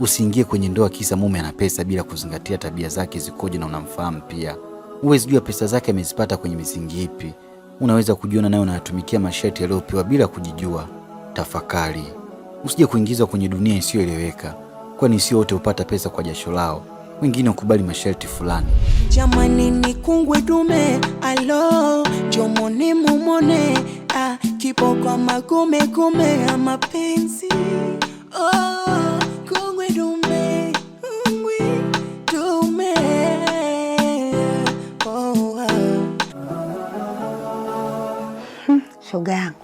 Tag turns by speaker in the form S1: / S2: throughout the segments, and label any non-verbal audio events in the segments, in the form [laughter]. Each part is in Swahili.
S1: Usiingie kwenye ndoa kisa mume ana pesa bila kuzingatia tabia zake zikoje na unamfahamu pia. Huwezi jua pesa zake amezipata kwenye misingi ipi. Unaweza kujiona naye unayatumikia masharti yaliyopewa bila kujijua. Tafakari, usije kuingizwa kwenye dunia isiyoeleweka, kwani sio wote hupata pesa kwa jasho lao, wengine ukubali masharti fulani.
S2: Jamani, ni kungwe dume alo jomoni mumone ah, kiboko magumegume ya mapenzi oh mkongwe
S3: hmm, shoga yangu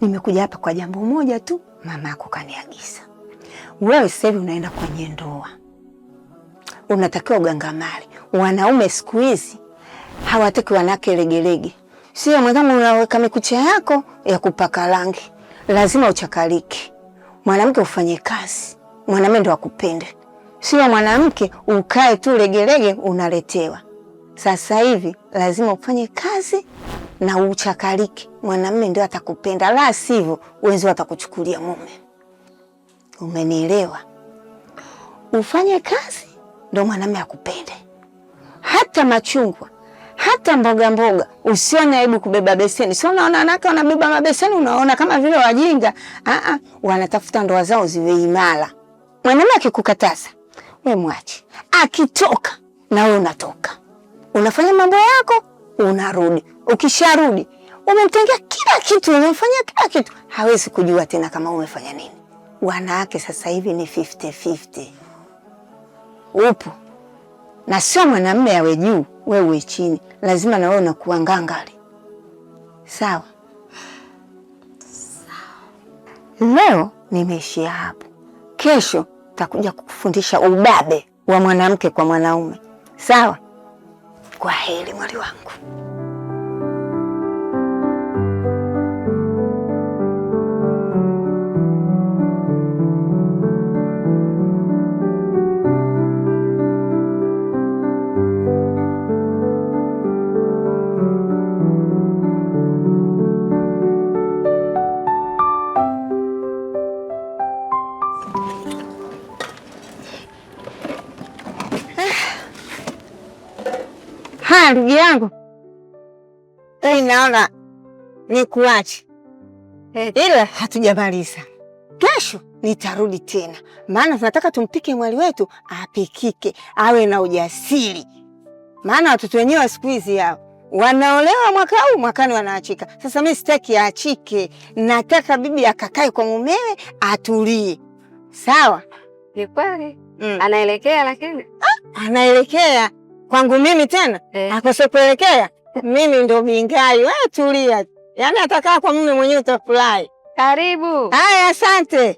S3: nimekuja hapa kwa jambo moja tu, mama yako kaniagiza. Wewe sasa hivi unaenda kwenye ndoa, unatakiwa mali Wanaume siku hizi hawataki wanawake legelege. Sio mwenzangu, unaweka mikucha yako ya kupaka rangi, lazima uchakalike. Mwanamke ufanye kazi, mwanaume ndo akupende, sio mwanamke ukae tu legelege unaletewa. Sasa hivi lazima ufanye kazi na uchakalike, mwanamume ndio atakupenda, la sivyo wenzi watakuchukulia mume. Umenielewa? Ufanye kazi ndo mwanamume akupende, hata machungwa hata mboga mboga, usione aibu kubeba beseni. Sio unaona wanawake wanabeba mabeseni, unaona kama vile wajinga. Aa, ah, ah, wanatafuta ndoa zao ziwe imara mwanamke akikukataza we mwache, akitoka na wewe unatoka, unafanya mambo yako, unarudi. Ukisharudi umemtengea kila kitu, umemfanyia kila kitu, hawezi kujua tena kama umefanya nini. Wanawake sasa hivi ni 50-50. Upo na sio mwanamume awe juu we uwe chini, lazima na wewe unakuwa ngangari. Sawa,
S4: sawa.
S3: Leo nimeishia hapo, kesho takuja kukufundisha ubabe wa mwanamke kwa mwanaume. Sawa, kwa heri mwali wangu. yangu hii, naona nikuache eh, ila hatujamaliza. Kesho nitarudi tena, maana tunataka tumpike mwali wetu apikike, awe na ujasiri, maana watoto wenyewe wa siku hizi hao wanaolewa mwaka huu, mwakani wanaachika. Sasa mi sitaki aachike, nataka bibi akakae kwa mumewe atulie. Sawa,
S4: ni kweli mm. Anaelekea lakini
S3: ah, anaelekea kwangu mimi tena eh, akusopelekea [laughs] mimi ndo bingai. Wewe tulia, yani atakaa kwa mume mwenyewe utafurahi.
S4: Karibu.
S3: Haya, asante.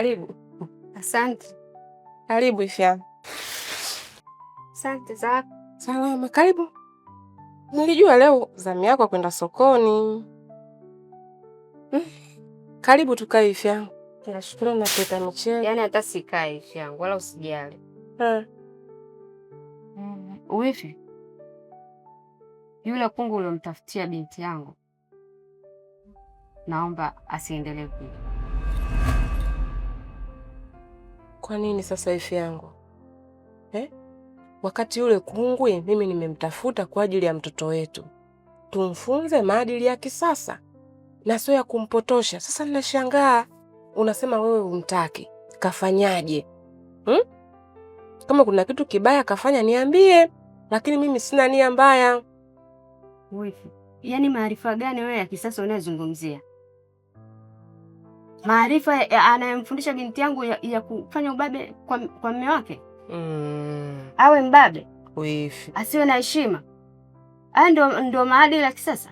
S4: Karibu. Asante. Karibu Ifya. Asante zako. Salama, karibu. Nilijua leo zamu yako kwenda sokoni. Hmm. Karibu tukae Ifya. Nashukuru na teta Michelle. Yaani hata sikae Ifya, wala usijali. Eh. Mm. Uifi. Yule kungu uliomtafutia binti yangu. Naomba asiendelee kuja. Kwa nini sasa ifi yangu eh? Wakati yule kungwi mimi nimemtafuta kwa ajili ya mtoto wetu, tumfunze maadili ya kisasa na sio ya kumpotosha. Sasa ninashangaa unasema wewe umtaki, kafanyaje hmm? Kama kuna kitu kibaya kafanya niambie, lakini mimi sina nia mbaya. yani maarifa gani wewe ya kisasa unayozungumzia? maarifa anayemfundisha binti yangu ya, ya kufanya ubabe kwa, kwa mme wake mm. Awe mbabe Uifi. Asiwe na heshima. Haya ndo, ndo maadili ya kisasa.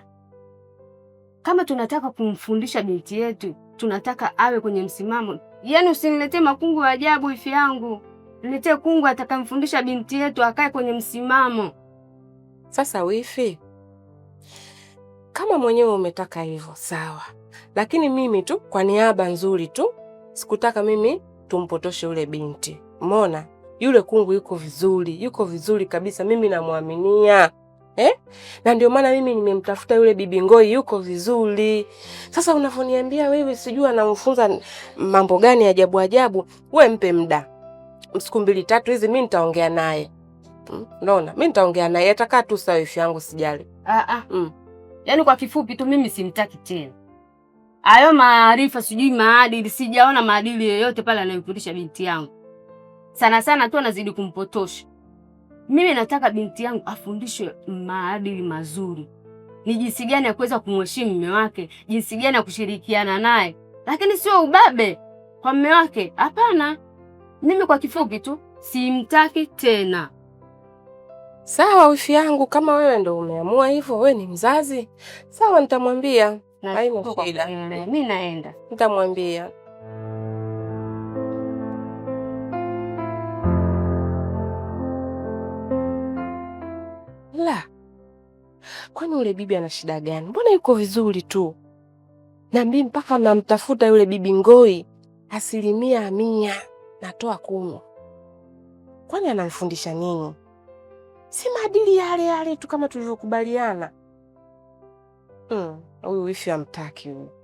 S4: Kama tunataka kumfundisha binti yetu, tunataka awe kwenye msimamo. yani usiniletee makungu ya ajabu, ifi yangu, niletee kungu atakamfundisha binti yetu akae kwenye msimamo. Sasa wifi kama mwenyewe umetaka hivyo sawa, lakini mimi tu kwa niaba nzuri tu, sikutaka mimi tumpotoshe yule binti. Mona yule kungu yuko vizuri, yuko vizuri kabisa, mimi namwaminia eh? na ndio maana mimi nimemtafuta yule bibi Ngoi, yuko vizuri. Sasa unavyoniambia wewe, sijui anamfunza mambo gani ajabu ajabu. We mpe mda siku mbili tatu hizi, mi nitaongea naye. Hmm? Unaona, mi nitaongea naye, atakaa tu sawa, ifi yangu, sijali. Ah, ah. Mm. Yaani kwa kifupi tu mimi simtaki tena. Hayo maarifa sijui maadili, sijaona maadili yoyote pale anayofundisha binti yangu. Sana sana tu anazidi kumpotosha. Mimi nataka binti yangu afundishwe maadili mazuri, ni jinsi gani ya kuweza kumheshimu mume wake, jinsi gani ya kushirikiana naye, lakini sio ubabe kwa mume wake. Hapana, mimi kwa kifupi tu simtaki tena. Sawa wifi yangu, kama wewe ndo umeamua hivyo, wewe ni mzazi sawa, nitamwambia haina shida. Mimi naenda, nitamwambia la. Kwani yule bibi ana shida gani? Mbona yuko vizuri tu, na mimi mpaka namtafuta yule bibi ngoi, asilimia mia natoa kumi Kwani anamfundisha nini? si maadili yale yale tu kama tulivyokubaliana. Hmm, huyu mm, wifi amtaki huyu.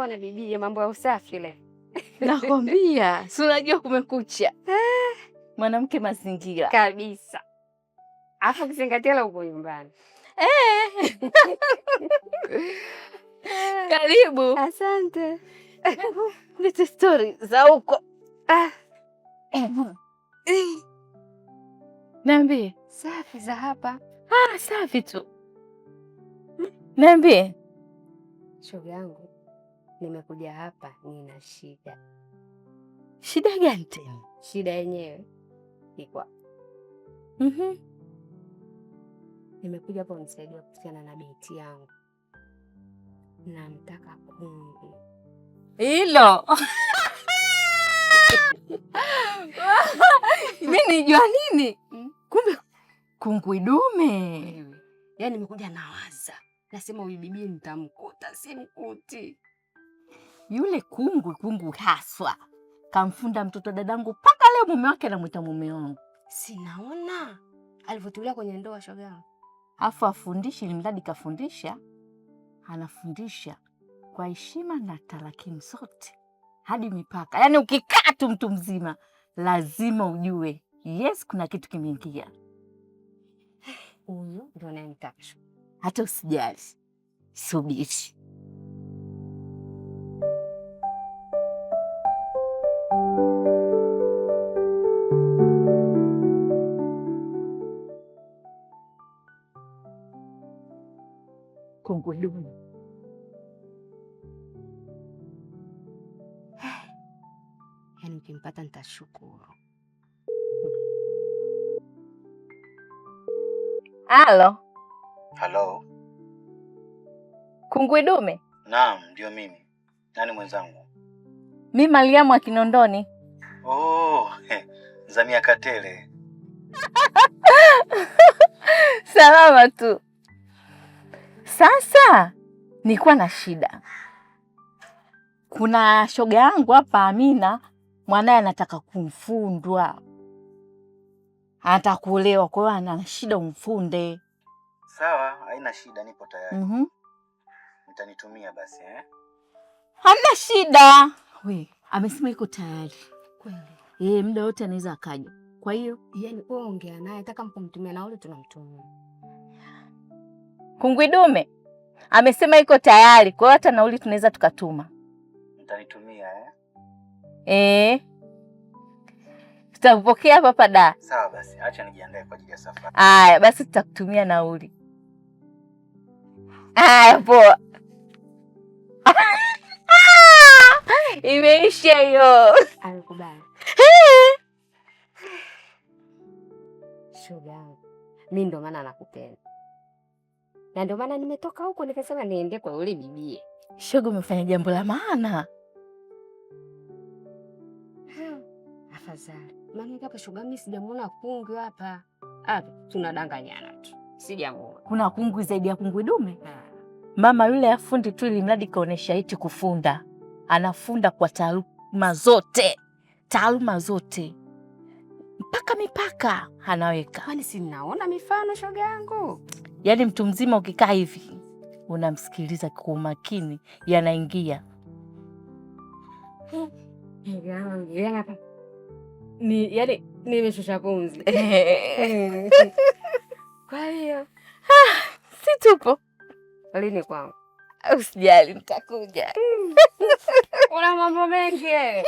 S4: Mbona bibi, mambo ya usafi le. [laughs] nakwambia, si unajua kumekucha eh. mwanamke mazingira kabisa, afu kizingatia la uko nyumbani eh. [laughs] Karibu. Asante. Lete [laughs] stori za huko. nambi ah. [coughs] Niambie. Safi za hapa. Ah, safi tu. Niambie. Shoga yangu nimekuja hapa nina shida. Shida gani tena? Shida yenyewe ikwa mm -hmm. Nimekuja hapa unisaidia kuhusiana na binti yangu, namtaka kungu hilo [laughs] mi nijua nini? Mm. Kumbe kungwi dume. Yaani nimekuja nawaza, nasema huyu bibi nitamkuta, simkuti yule kungwi kungwi haswa kamfunda mtoto dadangu mpaka leo mume wake anamwita mume wangu. Sinaona alivyotulia kwenye ndoa shoga. Afu afundishi ilimradi kafundisha, anafundisha kwa heshima na tarakimu zote hadi mipaka. Yaani ukikaa tu mtu mzima lazima ujue, yes, kuna kitu kimeingia. Huyu ndio anayemtaka. Hata usijali, subiri vous. [sighs] Yaani ukimpata nitashukuru. Halo. Halo. Kungwi dume?
S5: Naam, ndio mimi. Nani mwenzangu?
S4: Mi Mariamu wa Kinondoni.
S5: Oh, [laughs] Zamia Katele.
S4: [laughs] Salama tu. Sasa nilikuwa na shida, kuna shoga yangu hapa Amina, mwanaye anataka kumfundwa, anataka kuolewa, kwa hiyo ana shida umfunde.
S5: Sawa, haina shida, nipo tayari. mm -hmm. basi eh?
S4: Hamna shida. We, amesema iko tayari kweli, muda wote anaweza akaja. Kwa hiyo yani, wewe ongea naye, taka na tunamtumia Kungwi dume amesema iko tayari, kwa hiyo hata nauli tunaweza tukatuma.
S5: Mtanitumia eh?
S4: Eh. Tutakupokea papa da.
S5: Sawa basi, acha nijiandae kwa ajili ya safari.
S4: Haya basi, tutakutumia nauli. Haya poa. [laughs] Imeisha hiyo. Amekubali. Shoga, mimi ndo maana nakupenda na ndio maana nimetoka huko nikasema niende kwa yule bibie. Shogo, umefanya jambo la maana. Hmm, afadhali maana hapa shoga, mimi sijamuona kungwi hapa. Ah, tunadanganyana tu, sijamuona. Kuna kungwi zaidi ya kungwi dume? Hmm. Mama yule afundi tu, ili mradi kaonesha eti kufunda, anafunda kwa taaluma zote, taaluma zote mpaka mipaka anaweka. Kwani si naona mifano shoga yangu? Yaani mtu mzima ukikaa hivi unamsikiliza kwa umakini, yanaingia ni yaani, nimeshusha pumzi. [laughs] Kwa hiyo ah, si tupo lini kwangu Usijali, nitakuja. [laughs] Una mambo mengi wewe.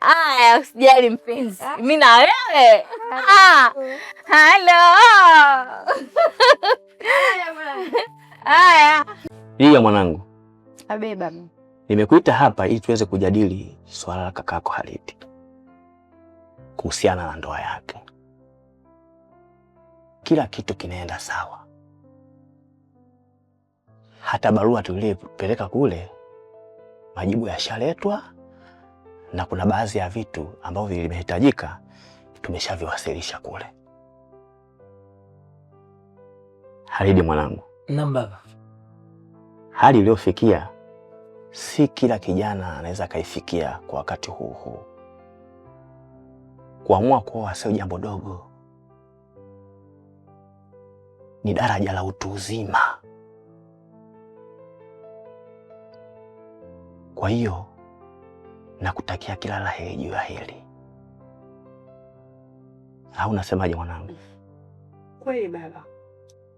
S4: Aya, usijali mpenzi, ah. mimi na wewe. Halo, ah. ah.
S6: haya iya mwanangu. Abeba, nimekuita hapa ili tuweze kujadili swala la kakako Halidi kuhusiana na ndoa yake. Kila kitu kinaenda sawa hata barua tuliyopeleka kule majibu yashaletwa, na kuna baadhi ya vitu ambavyo vilihitajika tumeshaviwasilisha kule. Haridi mwanangu. Naam baba. Hali iliyofikia si kila kijana anaweza akaifikia kwa wakati huu huu. Kuamua kuoa sio jambo dogo, ni daraja la utu uzima. Kwa hiyo nakutakia kila la heri juu ya hili, au unasemaje mwanangu?
S4: Kweli baba,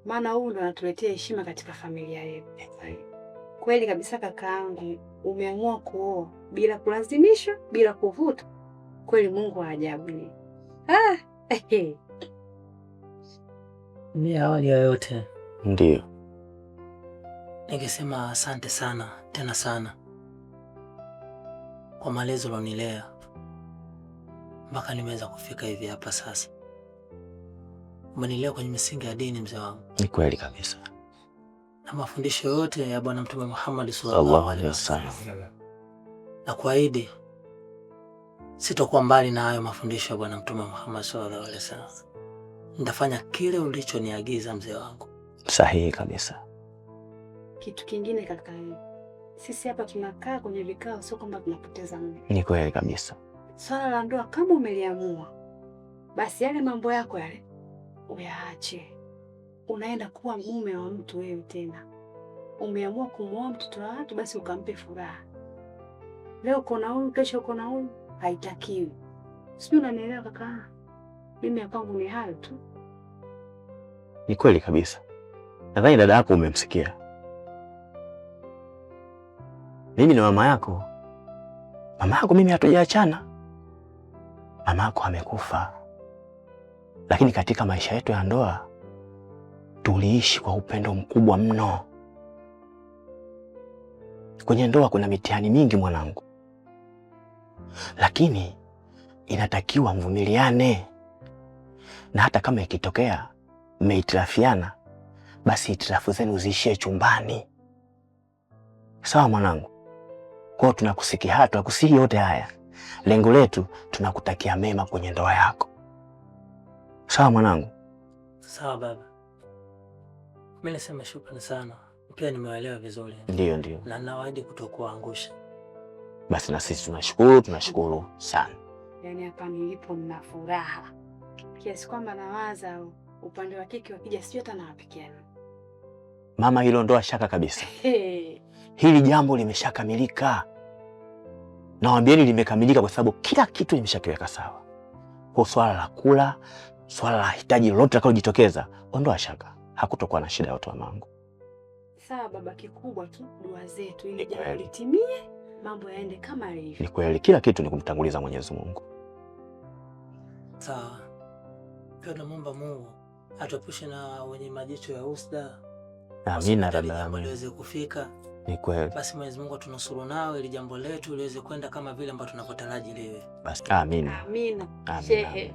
S4: maana huu ndo anatuletea heshima katika familia yetu. Kweli kabisa kakaangu, umeamua kuoa bila kulazimisha, bila kuvuta. Kweli Mungu wa ajabu. Ah,
S7: ni awali ya yote, ndio nikisema asante sana tena sana kwa malezi ulionilea mpaka nimeweza kufika hivi hapa sasa. Umenilea kwenye misingi ya dini, mzee wangu.
S6: Ni kweli kabisa,
S7: na mafundisho yote ya Bwana Mtume Muhammad
S6: sallallahu alaihi wasallam,
S7: na kuahidi sitokuwa mbali na hayo mafundisho ya Bwana Mtume Muhammad sallallahu alaihi wasallam. Nitafanya kile ulichoniagiza mzee wangu.
S6: Sahihi kabisa.
S4: Kitu kingine kaka sisi hapa tunakaa kwenye vikao, sio kwamba tunapoteza muda.
S6: Ni kweli kabisa.
S4: Swala la ndoa kama umeliamua, basi yale mambo yako yale uyaache. Unaenda kuwa mume wa mtu wewe tena. Umeamua kumwoa mtoto wa watu, basi ukampe furaha. Leo uko na huyu, kesho uko na huyu, haitakiwi. Sijui unanielewa kaka? Mimi kwangu ni hayo tu.
S6: Ni kweli kabisa. Nadhani dada yako umemsikia mimi na mama yako, mama yako mimi hatujaachana, mama yako amekufa, lakini katika maisha yetu ya ndoa tuliishi kwa upendo mkubwa mno. Kwenye ndoa kuna mitihani mingi mwanangu, lakini inatakiwa mvumiliane, na hata kama ikitokea mmeitirafiana, basi itirafu zenu ziishie chumbani. Sawa mwanangu? kwa hiyo Kwao hata tunakusihi yote haya, lengo letu tunakutakia mema kwenye ndoa yako. Sawa mwanangu?
S7: Sawa baba, mimi nasema shukrani sana, pia nimewaelewa vizuri. Ndio, ndio, na nawaahidi kutokuangusha.
S6: Basi na sisi tunashukuru, tunashukuru sana.
S4: Yaani hapa nilipo nina furaha kiasi kwamba nawaza upande wa kike wakija, sijui hata nawapikia
S6: Mama, hilo ndoa shaka kabisa. Hey. [laughs] Hili jambo limeshakamilika. Nawambieni limekamilika kwa sababu kila kitu nimeshakiweka sawa. Kwa swala la kula, swala la hitaji lolote litakalojitokeza, ondoa shaka, hakutokuwa na shida ya watu wa
S4: Sawa baba, kikubwa tu dua zetu ili jambo litimie, mambo yaende kama yalivyo.
S6: Ni kweli kila kitu ni kumtanguliza Mwenyezi Mungu.
S7: Sawa. Pia tunamwomba Mungu atuepushe na wenye majicho ya usda. Amina, rabbi. Tuweze kufika ni kweli. Basi Mwenyezi Mungu atunusuru nao ili jambo letu liweze kwenda kama vile ambavyo tunavyotaraji liwe.
S6: Basi amina. Amina. Shehe.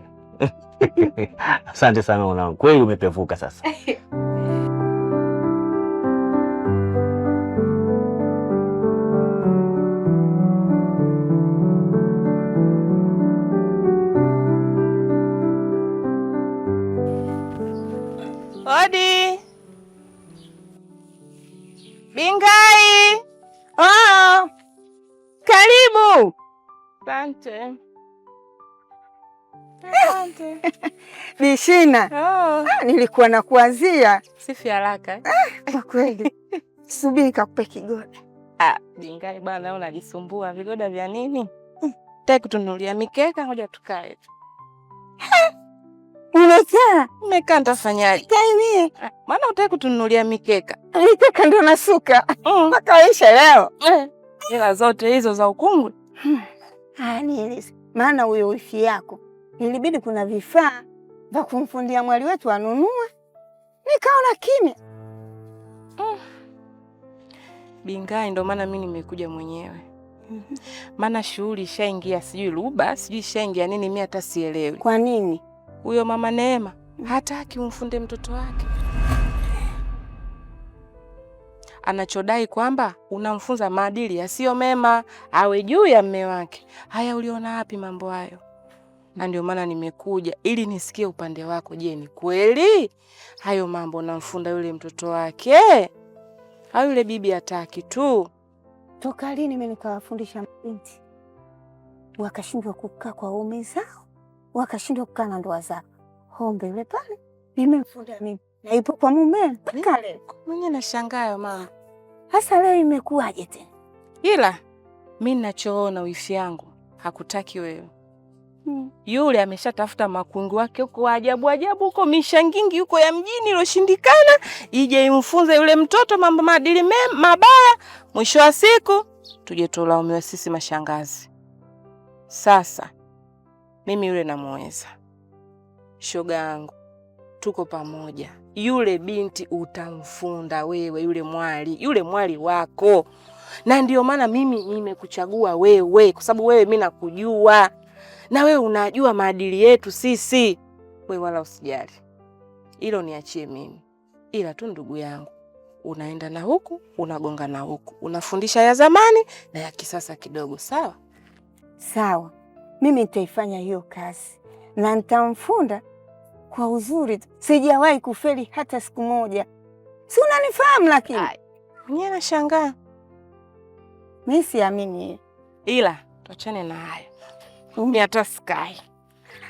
S6: [laughs] Asante sana mwanangu, kweli umepevuka sasa [laughs]
S8: Asante. Asante. [laughs]
S9: Bishina. Oh. Ah, nilikuwa na kuanzia.
S8: Sifi haraka.
S9: Ah, kwa kweli. Subiri kakupe kigoda.
S8: Ah, jingali bwana unajisumbua vigoda vya nini? Mm. Tayari kutunulia mikeka ngoja tukae
S9: Umekaa?
S8: Umekaa nitafanyaje?
S9: Kaimie.
S8: Ah, maana utaki kutunulia mikeka.
S9: Mikeka ndio nasuka. Hmm. Mpaka mm. Isha leo. Eh.
S8: Hela zote hizo za ukungwi. Hmm
S9: nieleze yaani, maana huyo wifi yako ilibidi kuna vifaa vya kumfundia mwali wetu anunue, nikaona kimya mm.
S8: Bingai, ndo maana mi nimekuja mwenyewe mhm. maana shughuli ishaingia, sijui ruba, sijui ishaingia nini, mi hata sielewi
S9: kwa nini
S8: huyo mama Neema mm. hataki umfunde mtoto wake anachodai kwamba unamfunza maadili yasiyo mema awe juu ya mme wake. Haya, uliona wapi mambo hayo? Na ndio maana nimekuja ili nisikie upande wako. Je, ni kweli hayo mambo namfunda yule mtoto wake au yule bibi? Hataki tu.
S9: Toka lini mimi nikawafundisha mabinti wakashindwa kukaa kwa ume zao, wakashindwa kukaa na ndoa zao? Hombe yule pale nimemfunda mimi, naipo kwa mume mpaka leo.
S8: Mwenye nashangaa mama
S9: Hasa leo imekuwaje tena?
S8: Ila mi nachoona wifi yangu hakutaki wewe hmm. Yule ameshatafuta makungu wake huko ajabu ajabu huko mishangingi huko ya mjini iloshindikana, ije imfunze yule mtoto mambo maadili mabaya, mwisho wa siku tuje tulaumiwa sisi mashangazi. Sasa mimi yule namweza shoga yangu, tuko pamoja yule binti utamfunda wewe, yule mwali, yule mwali wako. Na ndio maana mimi nimekuchagua wewe, kwa sababu wewe mimi nakujua na wewe unajua maadili yetu sisi. Wewe wala usijali hilo, niachie mimi. Ila tu ndugu yangu, unaenda na huku unagonga na huku, unafundisha ya zamani na ya kisasa kidogo. Sawa
S9: sawa, mimi nitaifanya hiyo kazi na nitamfunda kwa uzuri tu, sijawahi kufeli hata siku moja. Si unanifahamu? Lakini
S8: mwenyewe nashangaa,
S9: mi siamini,
S8: ila tuachane na haya. Mm. Mimi hata sikai,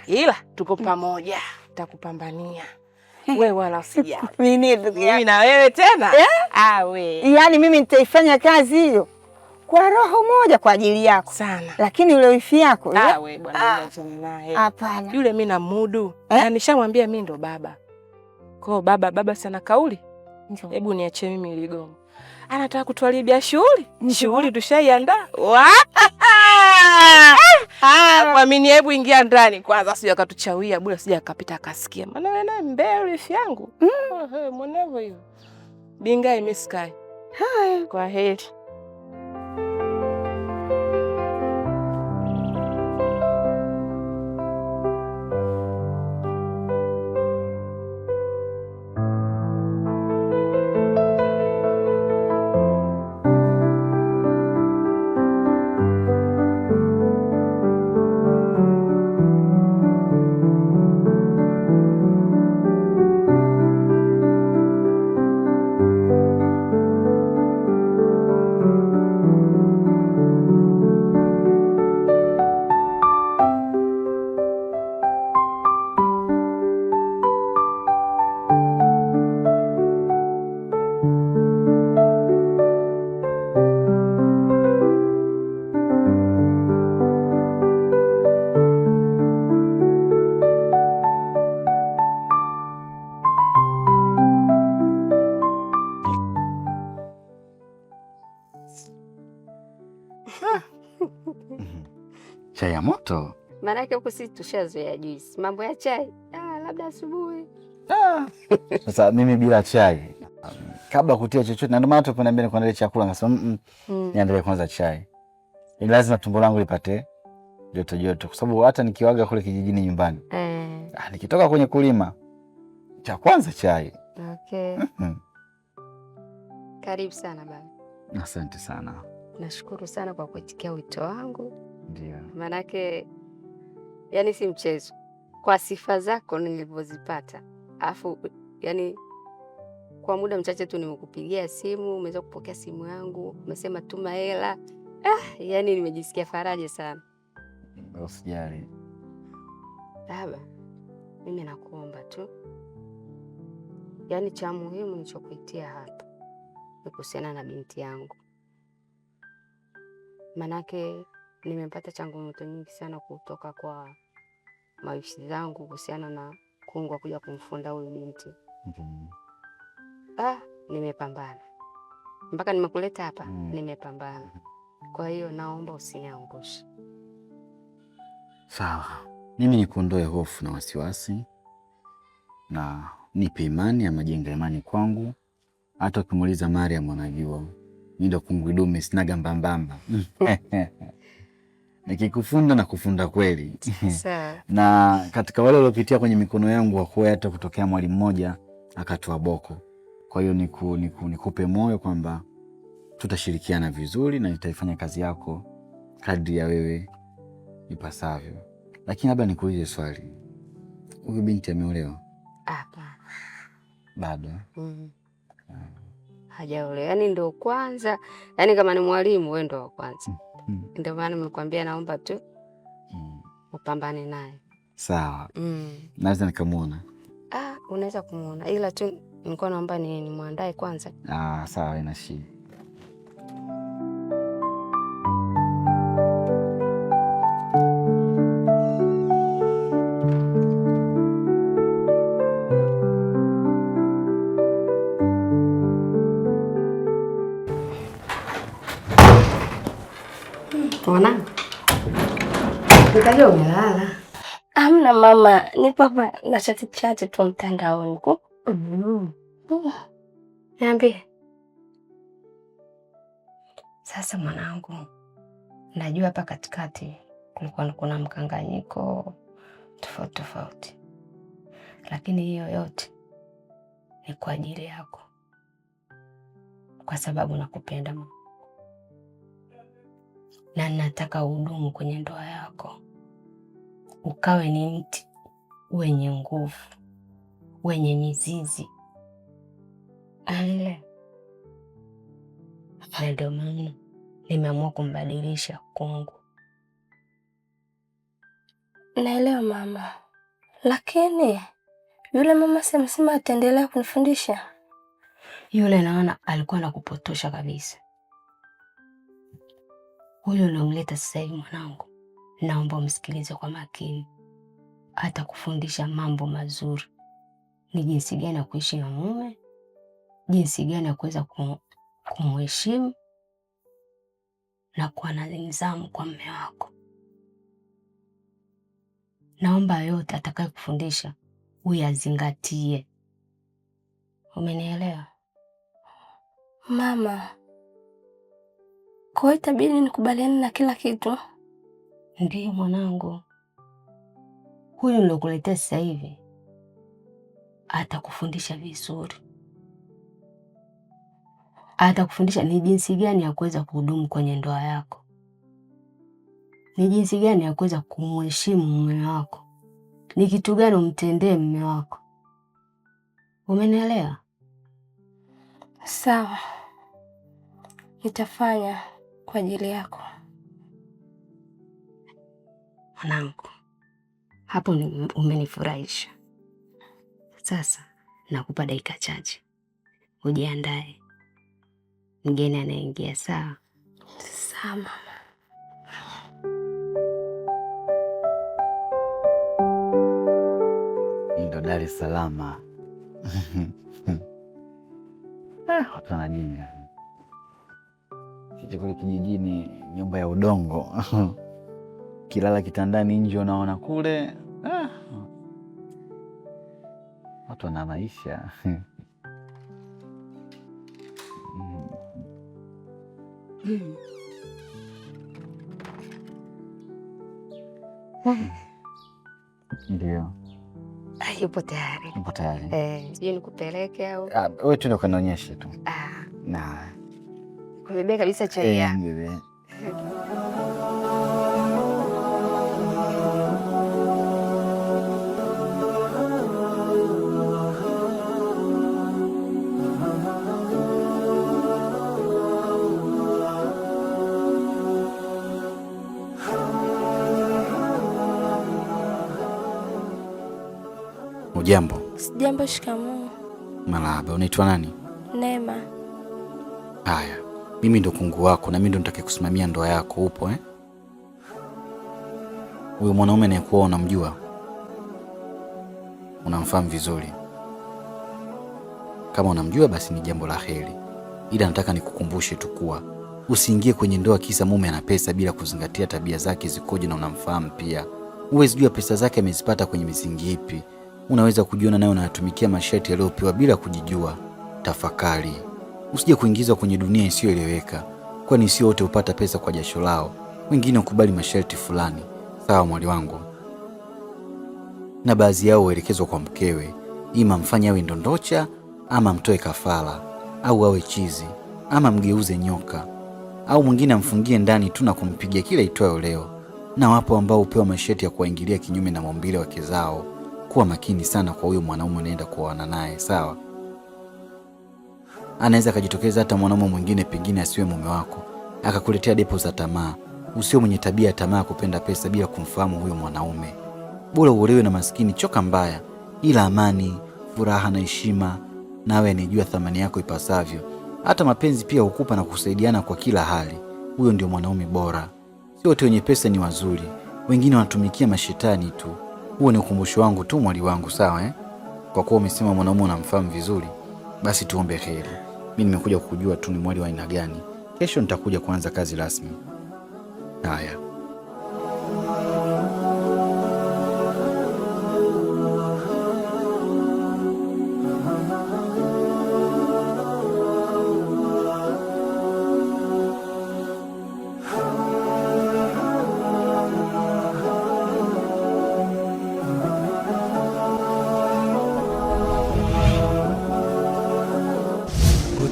S8: ila tuko mm. pamoja, takupambania [laughs] wewe wala usijali. Mimi na wewe tena, yeah? Eh?
S9: Awe, yaani mimi nitaifanya kazi hiyo kwa roho moja kwa ajili yako sana, lakini yule wifi yako
S8: ah, ah, hapana, yule mimi mudu eh? na nishamwambia mi ndo baba koo baba baba sana kauli. Hebu niache mimi ligoma, anataka kutuharibia shughuli. Shughuli tushaiandaa [laughs] ah, Mwamini, hebu ingia ndani kwanza, sija akatuchawia bure, sija akapita akasikia, maana wewe naye mbea refu yangu mm. mwanavo hiyo bingai miskai. kwa heri. moto, maanake huku sisi tushazoea juisi. Mambo ya chai ah, labda asubuhi
S10: ah. [laughs] sasa ah. mimi bila chai kabla kutia chochote, na ndio maana tuponiambia nikuandalie chakula, ngasema mm, -mm. mm. niandalie kwanza chai, ni lazima tumbo langu lipate joto joto, kwa sababu hata nikiwaga kule kijijini nyumbani eh, ah, nikitoka kwenye kulima cha kwanza chai. Okay. Mm -hmm.
S8: Karibu sana baba.
S10: Asante sana,
S8: nashukuru sana kwa kuitikia wito wangu ndio maanake, yani si mchezo kwa sifa zako nilivyozipata, alafu yani kwa muda mchache tu nimekupigia simu, umeweza kupokea simu yangu, umesema tuma hela. Ah, yani nimejisikia faraja sana.
S10: Usijali
S8: baba, mimi nakuomba tu, yani cha muhimu nichokuitia hapa ni kuhusiana na binti yangu, manake nimepata changamoto nyingi sana kutoka kwa mawishi zangu kuhusiana na kungwa kuja kumfunda huyu binti. mm -hmm. Ah, nimepambana mpaka nimekuleta hapa. mm -hmm. Nimepambana, mm-hmm. kwa hiyo naomba usiniangushe.
S10: Sawa, mimi nikuondoe hofu na wasiwasi na nipe imani, ama imani kwangu. Hata ukimuuliza Mariam anajua nindo kungwidume sinaga mbambamba [laughs] nikikufunda na kufunda kweli [laughs] na katika wale waliopitia kwenye mikono yangu wakuwa hata kutokea mwalimu mmoja akatua boko. Kwa hiyo niku, niku, nikupe moyo kwamba tutashirikiana vizuri na nitaifanya kazi yako kadri ya wewe ipasavyo. Lakini labda nikuulize swali, huyu binti ameolewa? Hapana, bado. mm
S8: -hmm hajaolewa, yaani ndio kwanza, yaani kama ni mwalimu wewe ndio wa kwanza. mm. mm. Ndio maana nimekwambia naomba tu mm. upambane naye
S10: sawa. mm. naweza nikamwona?
S8: Ah, unaweza kumwona, ila tu nilikuwa naomba ni nimwandae kwanza.
S10: Ah, sawa, ina shida
S9: Mwanangu, nikaja umelala?
S11: Amna mama, nipo hapa na chati chati tu mtandaoni. Mm-hmm.
S9: Mm. Mm. sasa mwanangu, najua hapa katikati kulikuwa kuna mkanganyiko tofauti tofauti, lakini hiyo yote ni kwa ajili yako, kwa sababu nakupenda mama na nataka udumu kwenye ndoa yako, ukawe ni mti wenye nguvu, wenye mizizi ale. Na ndio maana nimeamua kumbadilisha Kungu.
S11: Naelewa mama, lakini yule mama semsima ataendelea kunifundisha.
S9: Yule naona alikuwa na kupotosha kabisa. Huyo uliomleta sasa hivi mwanangu, naomba umsikilize kwa makini, atakufundisha mambo mazuri, ni jinsi gani ya kuishi na mume, jinsi gani ya kuweza kumheshimu na kuwa na nidhamu kwa mume wako. Naomba yote atakaye kufundisha uyazingatie. Umenielewa
S11: mama? Kwa itabidi nikubaliane na kila kitu.
S9: Ndiyo mwanangu, huyu nilokuletea sasa hivi atakufundisha vizuri, atakufundisha ni jinsi gani ya kuweza kudumu kwenye ndoa yako, ni jinsi gani ya kuweza kumheshimu mume wako, ni kitu gani umtendee mume wako. Umenielewa?
S11: Sawa, nitafanya kwa ajili yako
S9: mwanangu. Hapo umenifurahisha. Sasa nakupa dakika chache ujiandae, mgeni anaingia. Sawa
S11: sawa mama.
S10: Ndo Dar es Salaam. [laughs] Eh, watu wanajinga sisi kule kijijini, nyumba ya udongo [laughs] kilala kitandani, nje unaona kule ah. Watu wana maisha mm. [laughs] Ndio.
S8: Ah, yupo tayari. Yupo tayari. Eh, nikupeleke au?
S10: Ah, wewe tu ndio tu. Ah. Na
S8: Nimebeba kabisa chai eh, ya eh.
S10: Ujambo?
S11: Sijambo. Shikamoo.
S10: malaba Unaitwa nani? Neema. Haya mimi ndo kungu wako na mimi ndo nitake kusimamia ndoa yako. Upo eh? mwanaume anayekuwa unamjua, unamfahamu vizuri. Kama unamjua basi ni jambo la heri, ila nataka nikukumbushe tu kuwa usiingie kwenye ndoa kisa mume ana pesa, bila kuzingatia tabia zake zikoje na unamfahamu pia. Huwezi jua pesa zake amezipata kwenye misingi ipi. Unaweza kujiona naye unayatumikia masharti yaliyopewa bila kujijua. Tafakari usije kuingizwa kwenye dunia isiyoeleweka, kwani sio wote hupata pesa kwa jasho lao, wengine hukubali masharti fulani. Sawa mwali wangu. Na baadhi yao huelekezwa kwa mkewe, ima mfanye awe ndondocha, ama mtoe kafara, au awe chizi, ama mgeuze nyoka, au mwingine amfungie ndani tu na kumpigia kila itwayo leo. Na wapo ambao hupewa masharti ya kuwaingilia kinyume na maumbile wake zao. Kuwa makini sana kwa huyo mwanaume unaenda kuoana naye, sawa anaweza akajitokeza hata mwanaume mwingine, pengine asiwe mume wako, akakuletea depo za tamaa. Usio mwenye tabia ya tamaa kupenda pesa bila kumfahamu huyo mwanaume. Bora uolewe na maskini choka mbaya, ila amani, furaha na heshima, nawe anijua thamani yako ipasavyo. Hata mapenzi pia hukupa na kusaidiana kwa kila hali. Huyo ndio mwanaume bora. Si wote wenye pesa ni wazuri, wengine wanatumikia mashetani tu. Huo ni ukumbusho wangu tu, mwali wangu. Sawa eh? Kwa kuwa umesema mwanaume unamfahamu vizuri, basi tuombe heri mi nimekuja kujua tu ni mwali wa aina gani. Kesho nitakuja kuanza kazi rasmi. Haya.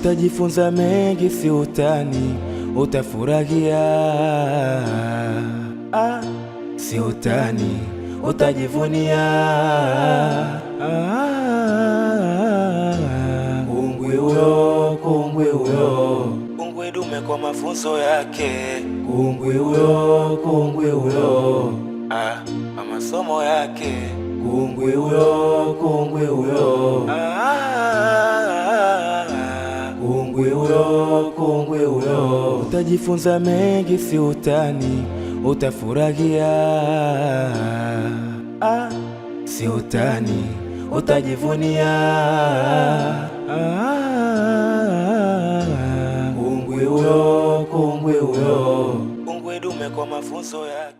S12: utajifunza mengi, si utani, utafurahia ah, si utani, utajivunia ah, kungwi huyo, kungwi huyo, kungwi dume kwa mafunzo yake, kungwi huyo, kungwi huyo ah, masomo yake, kungwi huyo, kungwi huyo ah, Kongwe ulo, kongwe ulo, utajifunza mengi, si utani, utafurahia ah, si utani, utajivunia ah, kongwe ulo, kongwe ulo, kongwe dume kwa mafunzo yake.